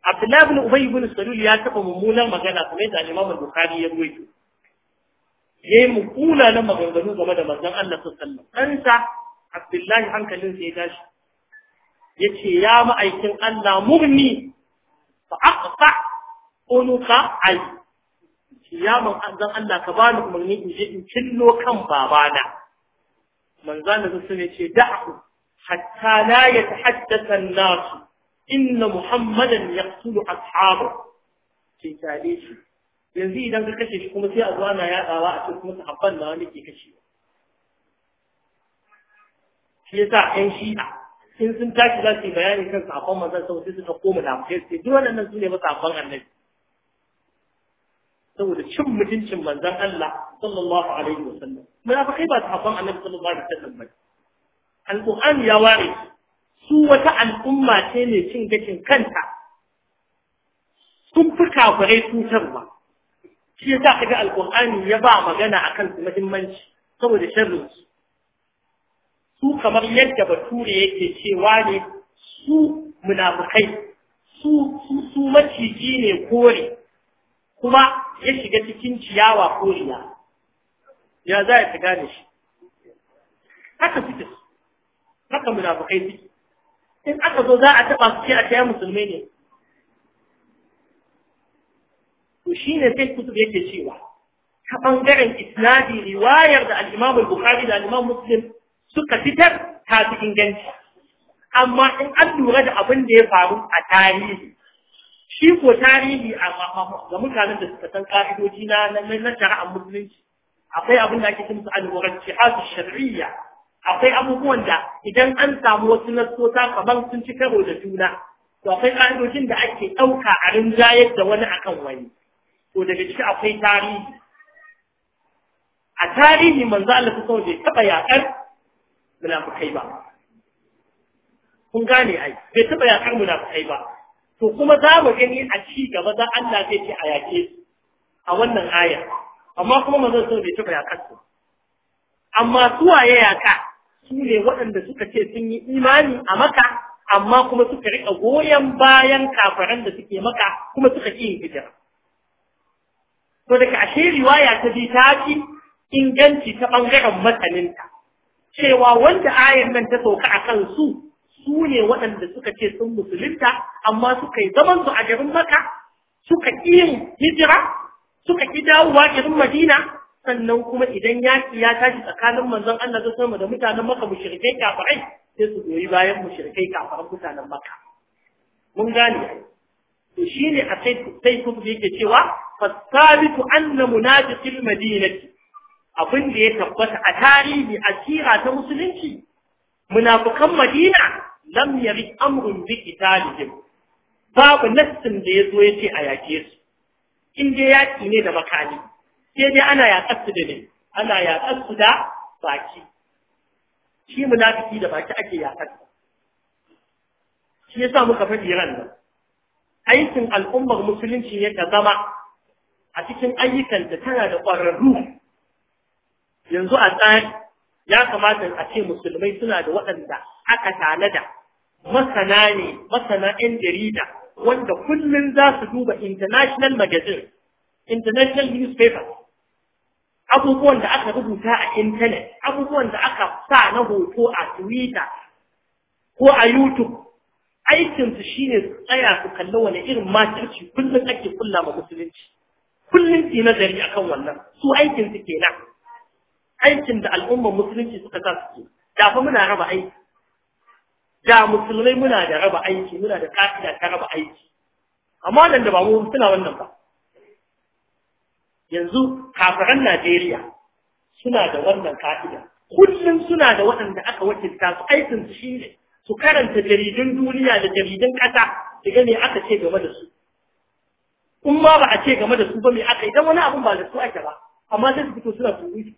Abdullahi ibn Ubay ibn Salul ya taba mummunan magana kuma da Imam Bukhari ya ruwaito yayi kula na maganganu game da manzon Allah sallallahu alaihi wasallam Abdullahi hankalin sai ya tashi yace ya ma'aikin Allah murni fa aqta unuka ai ya man Allah ka bani umarni in je in cillo kan babana manzan da sun ce da'u hatta ya yatahaddatha an-nas inna muhammadan a ashabahu ke tare shi yanzu idan ka kashe shi kuma sai a zuwa ana yadawa a cikin sahabban da wani ke kashewa shi yasa ƴan shi'a in sun tashi za su yi bayani kan saƙon manzon sau sai suka koma da kai sai duk wannan su ne ba saƙon annabi saboda cin mutuncin manzon Allah sallallahu alaihi wasallam munafikai ba sakon annabi sallallahu alaihi wasallam ba alqur'ani ya ware su wata al'umma ce ne cin gashin kanta sun fi kafirai cutarwa shi yasa kaga alqur'ani ya ba magana akan su muhimmanci saboda sharrin su su kamar yadda bature yake cewa ne su munafukai su su su maciji ne kore kuma ya shiga cikin ciyawa koriya ya za ya shiga ne shi haka suke su haka munafukai suke in aka zo za a taɓa su ce a taya musulmai ne to shi ne sai kutub yake cewa ta ɓangaren isnadi riwayar da al bukhari da al-imam muslim suka fitar ta fi inganci amma in an lura da abin da ya faru a tarihi shi ko tarihi a ga mutanen da suka san ƙa'idoji na na a musulunci akwai abin da ake kimsa a su shar'iyya akwai abubuwan da idan an samu wasu nasota kamar sun ci karo da juna to akwai ƙa'idojin da ake ɗauka a rinjayar da wani akan wani to daga ciki akwai tarihi a tarihi manzo Allah ta bai taɓa yaƙar munafukai ba kun gane ai bai taɓa yaƙar munafukai ba to kuma za mu gani a ci gaba za Allah zai ce a yaƙe su a wannan aya amma kuma manzon sun bai taɓa yaƙar su amma suwa ya yaƙa su ne waɗanda suka ce sun yi imani a maka amma kuma suka riƙa goyon bayan kafaran da suke maka kuma suka ƙi yin hijira to daga ashe riwaya ta ji ta fi inganci ta ɓangaren masaninta cewa wanda ayan nan ta sauka a kan su su ne waɗanda suka ce sun musulunta amma suka yi zaman su a garin maka suka yin hijira suka ki dawowa garin madina sannan kuma idan yaki ya tashi tsakanin manzon Allah da sama da mutanen maka mushrikai kafirai sai su goyi bayan mushrikai kafiran mutanen maka mun gane to shine a sai sai kuma yake cewa fasabitu anna munafiqil madinati abin da ya tabbata a tarihi a sira ta musulunci munafukan madina lam yari amrun bi qitalihim babu nassin da ya zo ya ce a yake su in dai yaki ne da makami sai dai ana yaƙar su da ne ana yaƙar su da baki shi munafiki da baki ake yaƙar su shi yasa muka faɗi ran nan aikin al'ummar musulunci ne ta zama a cikin ayyukanta tana da ƙwararru yanzu a tsari ya kamata a ce musulmai suna da waɗanda aka tanada masana ne masana 'yan jarida wanda kullum za su duba international magazine international newspaper abubuwan da aka rubuta a intanet abubuwan da aka sa na hoto a twitter ko a youtube aikinsu shine su tsaya su kalli wani irin matarci kullum ake kulla ma musulunci kullum su nazari akan wannan su aikinsu kenan aikin da al'ummar musulunci suka sa suke da fa muna raba aiki da musulmai muna da raba aiki muna da ka'ida ta raba aiki amma nan da ba mu suna wannan ba yanzu kafiran Najeriya suna da wannan ka'ida kullum suna da waɗanda aka wakilta su aikin su shine su karanta jaridun duniya da jaridun ƙasa da ga me aka ce game da su in ma ba a ce game da su ba me aka idan wani abin ba da su ake ba amma sai su fito suna surutu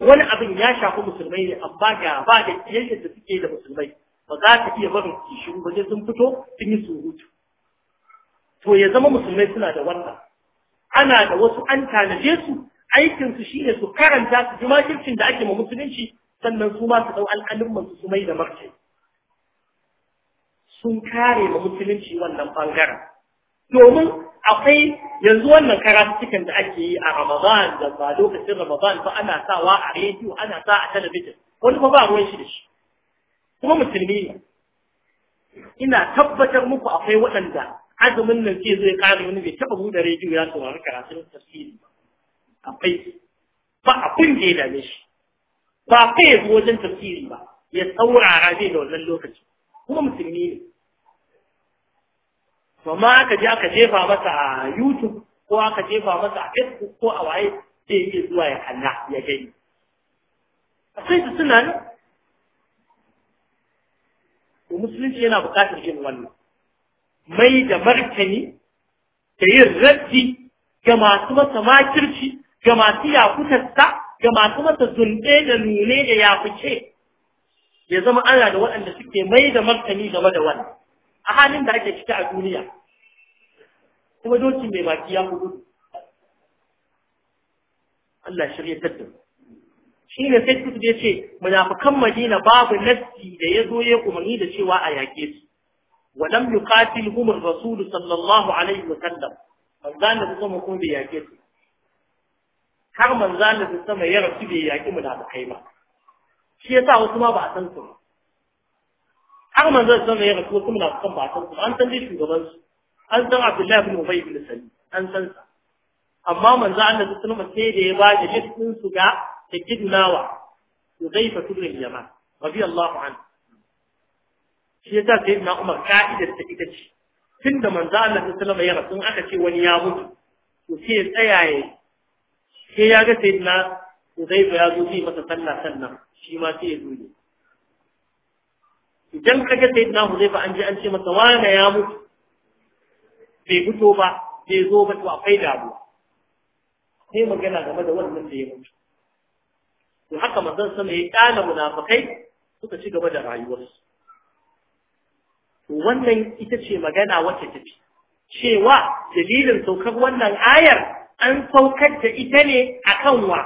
wani abin ya shafi musulmai ne amma ga ba da kiyayyar da suke da musulmai ba za ta iya barin kishiyu ba sun fito sun yi surutu to ya zama musulmai suna da wannan ana da wasu an tanaje su aikin su shine su karanta su ji makircin da ake ma musulunci sannan su ma su dau al'alumman su su mai da martani sun kare ma musulunci wannan bangaren domin akwai yanzu wannan karatukan da ake yi a Ramadan da ba lokacin Ramadan ba ana sawa a rediyo ana sa a talabijin wani kuma ba ruwan shi da shi kuma musulmi ne ina tabbatar muku akwai waɗanda azumin nan ke zai kare wani bai taɓa buɗe rediyo ya saurari karatun tafsiri ba akwai ba abin da ya shi ba kai ya wajen tafsiri ba ya saurara zai da wannan lokaci kuma musulmi ne to ma aka je aka jefa masa a YouTube ko aka jefa masa a Facebook ko a waye sai yake zuwa ya kalla ya gani akwai su suna nan to musulunci yana buƙatar yin wannan mai da martani da yin raddi ga masu masa makirci ga masu yakutarsa ga masu masa zunɗe da nune da yafuce ya zama ana da waɗanda suke mai da martani game da wannan a halin da ake cike a duniya kuma doki mai baki ya kudu Allah shirye ta shi ne sai kudu da ce munafikan Madina babu nassi da ya zo ya umarni da cewa a yake su wa lam yuqatilhum ar-rasul sallallahu alaihi wa sallam manzan da kuma kuma bai yake su har manzan da sama ya rasu bai da munafikai ba shi yasa wasu ma ba a san su ba har manzo sun ya rasu kuma na kan batan su an san dai shugaban su an san Abdullahi bin Ubay bin Salim an san sa amma manzo Allah sun ma sai da ya ba da listin su ga tajidnawa Uzaifa bin Yaman radiyallahu anhu shi yasa sai na Umar ka'idar ta ita ce tunda manzo Allah sallallahu ma wasallam ya aka ce wani ya mutu to sai ya tsaya ya sai ya ga sayyidina Uzaifa ya zo zai masa sallah sannan shi ma sai ya zo ne idan ka ga sayyidina Huzaifa an je an ce masa wane ya mutu bai fito ba bai zo ba to akwai damuwa sai magana game da wannan da ya mutu to haka manzon sama ya kana munafikai suka ci gaba da rayuwarsu to wannan ita ce magana wacce take cewa dalilin saukar wannan ayar an saukar da ita ne akan wa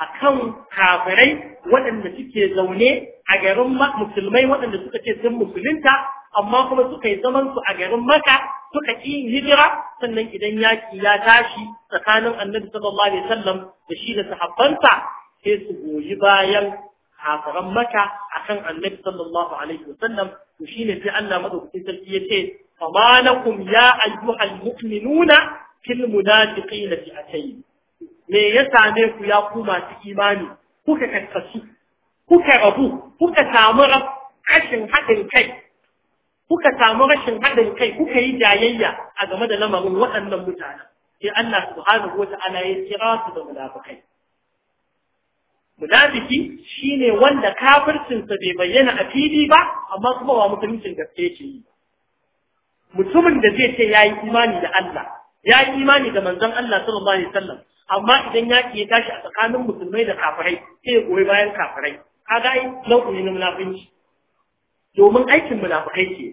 akan kafirai waɗanda suke zaune a garin musulmai waɗanda suka ce sun musulunta amma kuma suka yi zaman su a garin maka suka ƙi hijira sannan idan yaƙi ya tashi tsakanin annabi sallallahu alaihi wasallam da shi da sahabbansa sai su goyi bayan kafaran maka akan annabi sallallahu alaihi wasallam to shine sai Allah madaukakin sarki yace fama lakum ya ayyuhal mu'minuna fil munafiqina fi'atayn me ya same ku ya ku masu imani kuka kakkasu kuka rabu kuka samu rashin haɗin kai kuka samu rashin haɗin kai kuka yi jayayya a game da lamarin waɗannan mutanen sai Allah subhanahu wa ta'ala ya kira su da munafikai munafiki shine wanda sa bai bayyana a fili ba amma kuma wa mutuncin gaske yake yi mutumin da zai ce yayi imani da Allah yayi imani da manzon Allah sallallahu alaihi wasallam amma idan ya ya tashi a tsakanin musulmai da kafirai sai goyi bayan kafirai kaga ai nau'in na munafinci domin aikin munafukai ke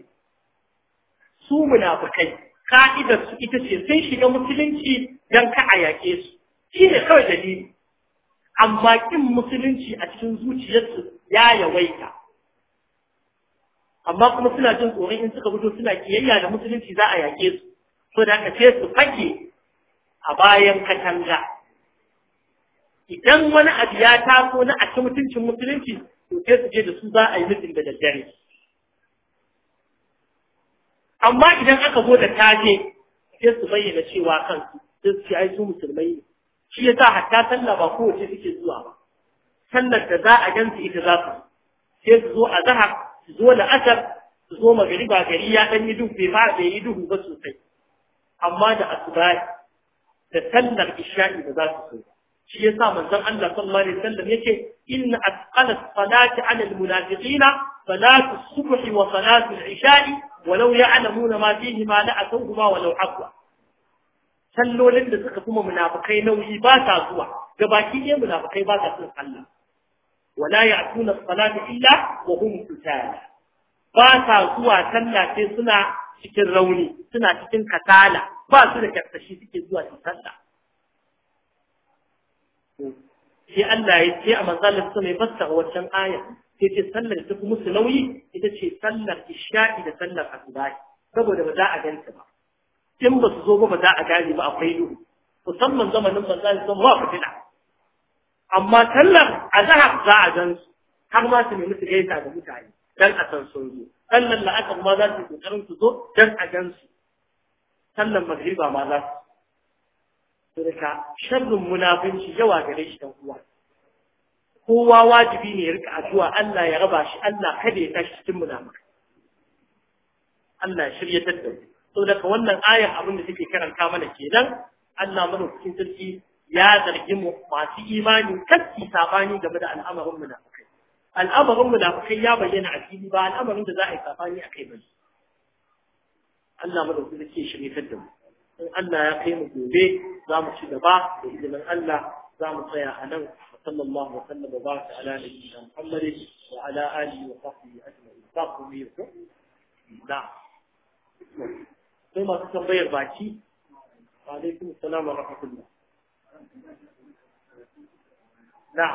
su munafukai ka'idar su ita ce sun shiga musulunci don ka a yaƙe su shi ne kawai dalili amma kin musulunci a cikin zuciyarsu ya yawaita amma kuma suna jin tsoron in suka fito suna kiyayya da musulunci za a yaƙe su so da aka ce su fage a bayan katanga idan wani abu ya taso na a mutuncin musulunci to sai su je da su za a yi mutum da daddare amma idan aka zo da taje sai su bayyana cewa kansu sai su ce ai su musulmai ne shi sa, hatta sallah ba kowace suke zuwa ba sallar da za a gansu ita za su sai su zo a zahar su zo asar su zo ma gari ya ɗan yi duhu bai fara bai yi duhu ba sosai amma da asuba da sallar isha'i da za su so shi yasa manzon Allah sallallahu alaihi wasallam yace inna asqala salati ala almunafiqina salatu subh wa salatu al-isha'i walau ya'lamuna ma fihi ma la atawhuma walau aqwa sallolin da suka kuma munafikai nauyi ba ta zuwa gabaki ɗaya munafikai ba ta cin Allah wala ya'tuna as-salata illa wa hum kutala ba ta zuwa sallah sai suna cikin rauni suna cikin kasala, ba su da karsashi suke zuwa cikin sallah Shi Allah ya ce a manzalin sa mai fassara wancan aya sai ce sallar ta kuma su nauyi ita ce sallar isha'i da sallar asubahi saboda ba za a ganta ba in ba su zo ba ba za a gane ba akwai duhu musamman zamanin manzalin sa ba fitina amma sallar azhar za a gansu har ma su nemi su gaita da mutane dan a san sun zo sallar la'akar ma za su kokarin su zo dan a gansu sallar magriba ma za su Surka sharrin munafunci yawa gare shi dan uwa. Kowa wajibi ne rika addu'a Allah ya raba shi Allah kada ya tashi cikin munafukai. Allah shirya shiryatar da mu. Saboda wannan ayar abin da take karanta mana kenan Allah madaukakin sarki ya zargi mu masu imani kaski sabani game da al'amarin munafukai. Al'amarin munafukai ya bayyana a fili ba al'amarin da za a yi sabani a kai ba. Allah madaukakin sarki shirya shiryatar da mu. In Allah ya kai mu gobe za mu ci gaba da izinin Allah za mu tsaya a nan musamman wa sallam ba ta ala da yi da muhammadin da ala ali wa sahbi a jami'in ba ku mu yi ku da masu tambayar baki wa alaikum salam wa na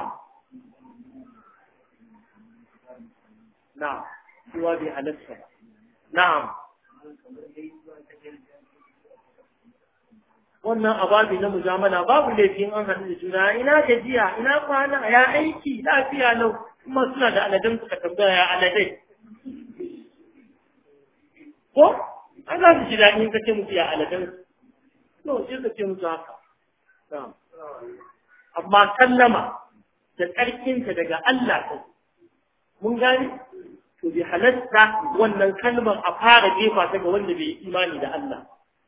na kuwa bi halatta wannan ababi na mujamala babu laifin an haɗu da juna ina gajiya ina kwana ya aiki lafiya lau kuma suna da aladun suka tambaya ya aladai ko an za su ji daɗin ka ce musu ya aladun no sai ka ce musu haka amma kallama da ƙarfinta daga Allah ta mun gani to bi halatta wannan kalmar a fara jefa ta ga wanda bai imani da Allah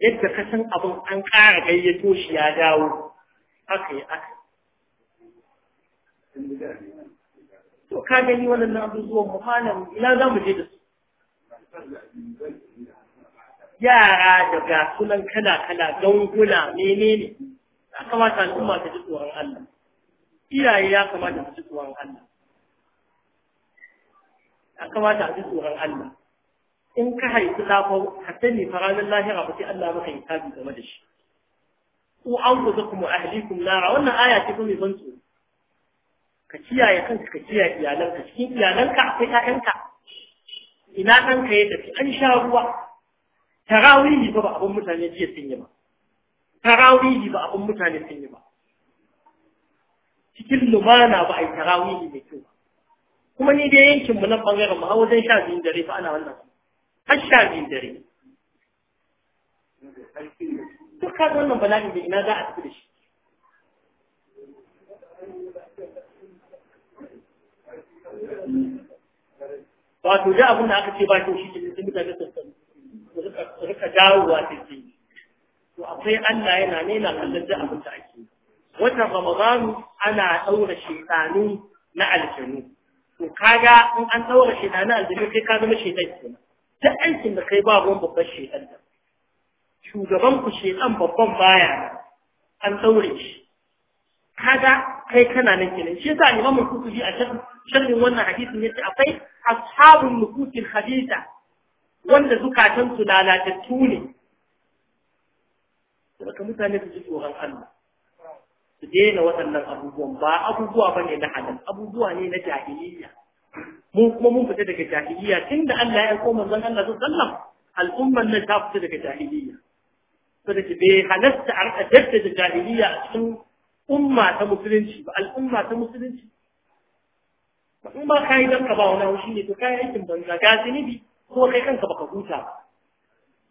yadda ka san abin an ƙara gayyato shi ya dawo aka yi aka to ka gani wannan abubuwan mafanan malam ina za mu je da su yara daga sunan kala-kala ganguna menene ya kamata al'umma ta ji tsoron Allah iyaye ya kamata su ji tsoron Allah ya kamata su ji tsoron Allah in ka haifi lafa hatta ne faranin lahira ba sai Allah maka tabi game da shi ku an guza kuma ahlikum nara wannan aya ce kuma ban tsoro ka kiyaye kanka ka kiyaye iyalanka cikin iyalanka akwai ƴaƴanka ina ɗanka ya tafi an sha ruwa tarawihi ba ba abin mutane jiya sun yi ba tarawihi ba abin mutane sun yi ba cikin lumana ba a yi tarawihi mai kyau kuma ni dai yankinmu na ɓangaren mu a wajen sha biyun dare ba ana wannan har sha dare duk ka wannan bala'in da ina za a tafi da shi wato da abin da aka ce ba kyau shi ke sun mutane sassan rika dawowa ce, to akwai Allah yana ne na kallon da abin da ake Wata Ramadan ana ɗaura shekaru na aljanu to kaga in an shekaru na aljanu kai ka zama shekaru kenan ta aikin da kai ba ruwan babban shekan da shugaban ku babban baya an daure shi kaga kai kana nan kenan shi yasa Imam kuku qurtubi a shirin wannan ya yace akwai ashabun nufusil hadita wanda zukatan su lalatattu ne daga mutane su ji tsoron Allah su daina waɗannan abubuwan ba abubuwa bane na adam abubuwa ne na jahiliya. mun kuma mun fita daga jahiliya tunda Allah ya koma zan Allah sallallahu alaihi al'umman nan ta fita daga jahiliya saboda ki bai halasta a rika jaddada jahiliya a cikin umma ta musulunci ba al'umma ta musulunci in ba ka yi don ka ba wani haushi ne to kayan aikin banza ga zunubi ko kai kanka baka huta ba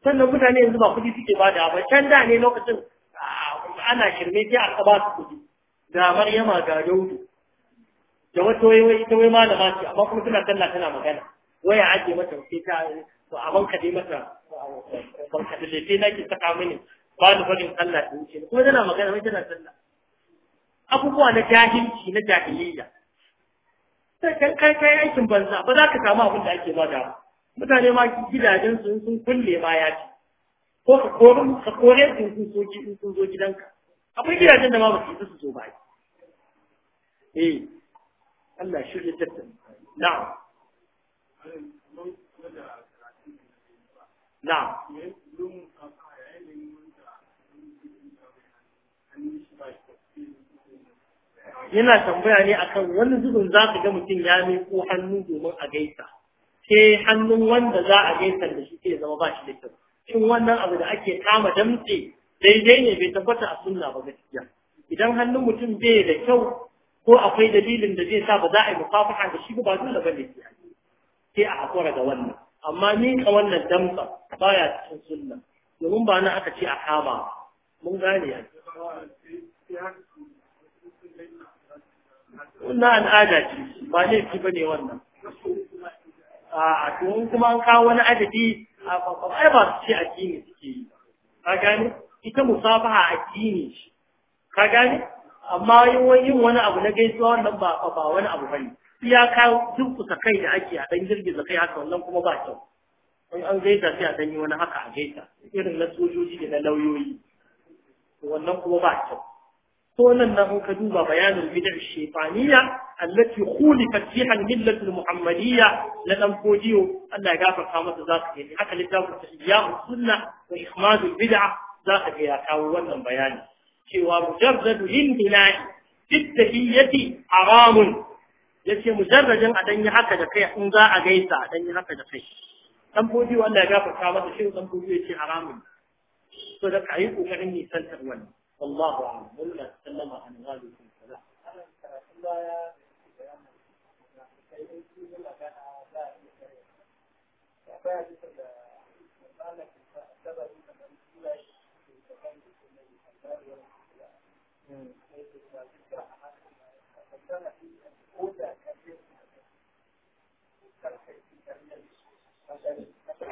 sannan mutane yanzu ba kuɗi suke ba da ba can da ne lokacin ana shirme sai aka ba su kuɗi da maryama ga daudu da wata wai wai ita wai malama ce amma kuma tana sallah tana magana waya ajiye mata sai ta to a banka dai mata banka da dai nake saka mini ba da farin Allah ta wuce kuma tana magana wai tana sallah abubuwa na jahilci na jahiliya sai kan kai kai aikin banza ba za ka samu abin da ake bada ba mutane ma gidajen su sun kulle ma ya ce ko ka kore ka kore su sun so sun zo gidanka akwai gidajen da ma ba su zo ba eh Allah na'am na'am yana tambaya ne akan wani zubin za ka ga mutum ya miƙo hannu domin a gaisa sai hannun wanda za a gaisa da shi ke zama ba shi da kyau shin wannan abu da ake kama damtse daidai ne bai tabbata a sunna ba gaskiya idan hannun mutum bai da kyau ko akwai dalilin da zai sa ba za a yi mukafaha da shi ba dole ba ne sai a hakura da wannan amma ni ka wannan damsa baya cikin sunna domin ba na aka ce a kama mun gane ya na al'ada ce ba zai laifi ba ne wannan a domin kuma an kawo wani adadi a ai ba su ce addini suke yi ka gane ita musafaha addini shi ka gane amma yin wani abu na gaisuwa wannan ba ba wani abu bane iyaka kusa kai da ake a dan girgiza kai haka wannan kuma ba kyau in an gaita sai a dan yi wani haka a gaita irin na sojoji da na lauyoyi wannan kuma ba kyau to nan nan ka duba bayanin bid'a shefaniya allati khulifat fiha al muhammadiyya la dan Allah ya gafarta masa za ka gani haka littafin ta iyahu sunna wa ikhmad bida za ka ga ya kawo wannan bayani ومجرد الانتناء في التهية حرام يسي مجرد أن أدني حكا دقيع أنزاء قيسة أدني حكا دقيع تنبودي وأن أجاب الكعبة الشيء تنبودي يسي حرام صدق عيب وعني سلسل وان والله أعلم والله سلم عن غالي كنت لا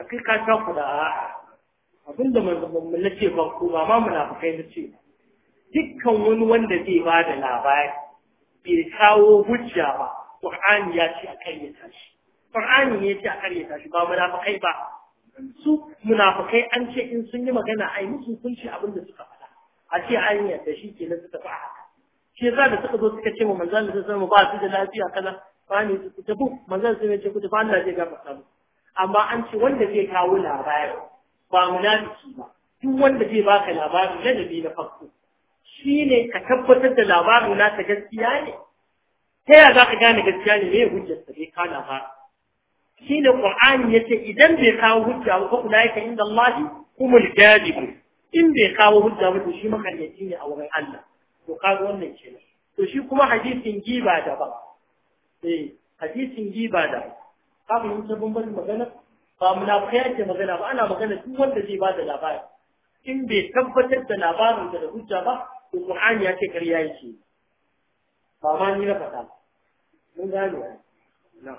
kai ka sha kuɗa a'a abinda mun na ce ban ba ma munafukai na ce dukkan wani wanda zai ba da labari bai kawo hujja ba Qur'ani ya ce a karyata shi ne ya ce a karyata shi ba munafukai ba su munafukai an ce in sun yi magana a yi musu kunshi abin da suka a ce an yadda shi ke nan suka fi haka shi za da suka zo suka ce mu manzan da sun ba su da lafiya kaza ba ne su tafi manzan sun ce ku tafi Allah zai gafarta mu amma an ce wanda zai kawo labari ba munafiki ba duk wanda zai baka labari ladabi na farko shi ne ka tabbatar da labarin naka gaskiya ne ta yaya za ka gane gaskiya ne me hujjar sa bai ka labari shi ne qur'ani yace idan bai kawo hujja ba fa ulaika inda Allah humul kadibun in bai kawo hujja ba to shi makaryaci ne a wurin Allah to kaga wannan kenan to shi kuma hadisin giba da ba eh hadisin giba da ka fahimta bari magana ba munafikai ce magana ba ana magana duk wanda zai ba da labari in bai tabbatar da labarin da hujja ba to Qur'ani ya ce ƙarya yake ba ma ni na faɗa mun gane na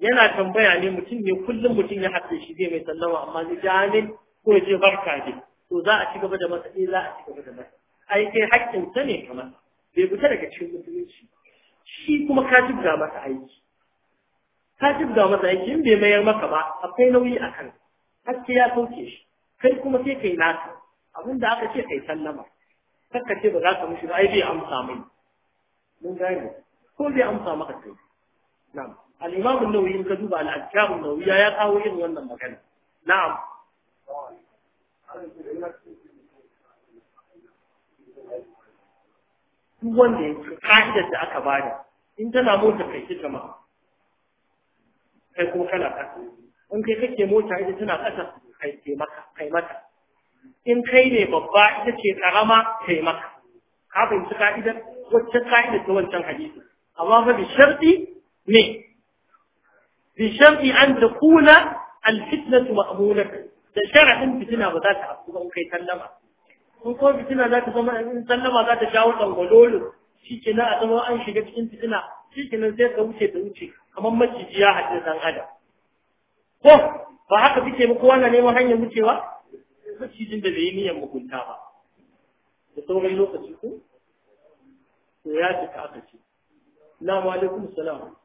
yana tambaya ne mutum ne kullum mutum ya haɗe shi zai mai sallama amma zai ji ne. ko ya je barka ne to za a ci gaba da masa illa eh, za a ci gaba da masa ai kai haƙƙin ta ne masa. bai fita daga cikin musulunci shi kuma ka jibga masa aiki ka jibga masa aiki in bai mayar maka ba akwai nauyi a kan haske ya sauke shi kai kuma sai kai naka abin da aka ce kai sallama kakka ce ba za ka mishi ba ai bai amsa mai mun gane ko bai amsa maka kai na'am al-imam an-nawawi in ka duba al-adkar an-nawawi ya kawo irin wannan magana na'am duk wanda ya ka'idar da aka bada in tana mota kai ki gama kai kuma kana kasa in kai kake mota ita tana kasa kai ke maka kai mata in kai ne babba ita ce karama kai maka ka fahimci ka'idar wacce ka'idar ta wancan hadisi amma fa bi sharti ne bisham'i an da kuna alfitnatu ma'amulaka da sharahin fitina ba za ta haku ba kai sallama ko ko fitina za ta zama in sallama za ta jawo dangwalolo shi ke a zama an shiga cikin fitina shi ke nan sai ka wuce da wuce kamar maciji ya haɗe ɗan adam ko ba haka fice ba kowa na neman hanyar wucewa macijin da bai yi niyyar mugunta ba da sauran lokaci ko to ya cika aka ce na alaikum salam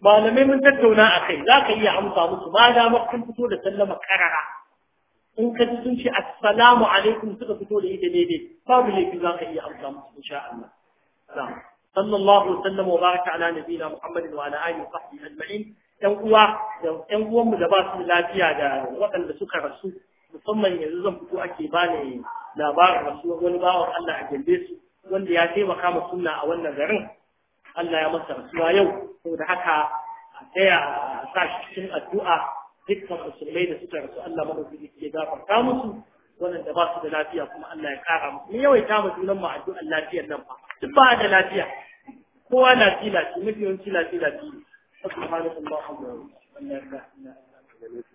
malamai mun tattauna a kai za ka iya amsa musu ma dama kun fito da sallama karara in ka ji sun ce assalamu alaikum suka fito da ita ne babu laifi za ka iya amsa musu insha Allah صلى الله ala وبارك على نبينا محمد وعلى wa وصحبه اجمعين yan uwa yan uwan da ba su lafiya da waɗanda suka rasu musamman yanzu zan fito ake bani labarin rasuwar wani bawan Allah a gembe su wanda ya taimaka ma sunna a wannan garin Allah ya masa rasuwa yau saboda haka a taya a sa shi cikin addu'a dukkan musulmai da suka rasu Allah madaukaki ke gafarta musu da ba su da lafiya kuma Allah ya kara musu ni yawaita mu nan mu addu'ar lafiyar nan fa duk ba da lafiya kowa na tilaci mafi yawanci na tilaci subhanallahi walhamdulillah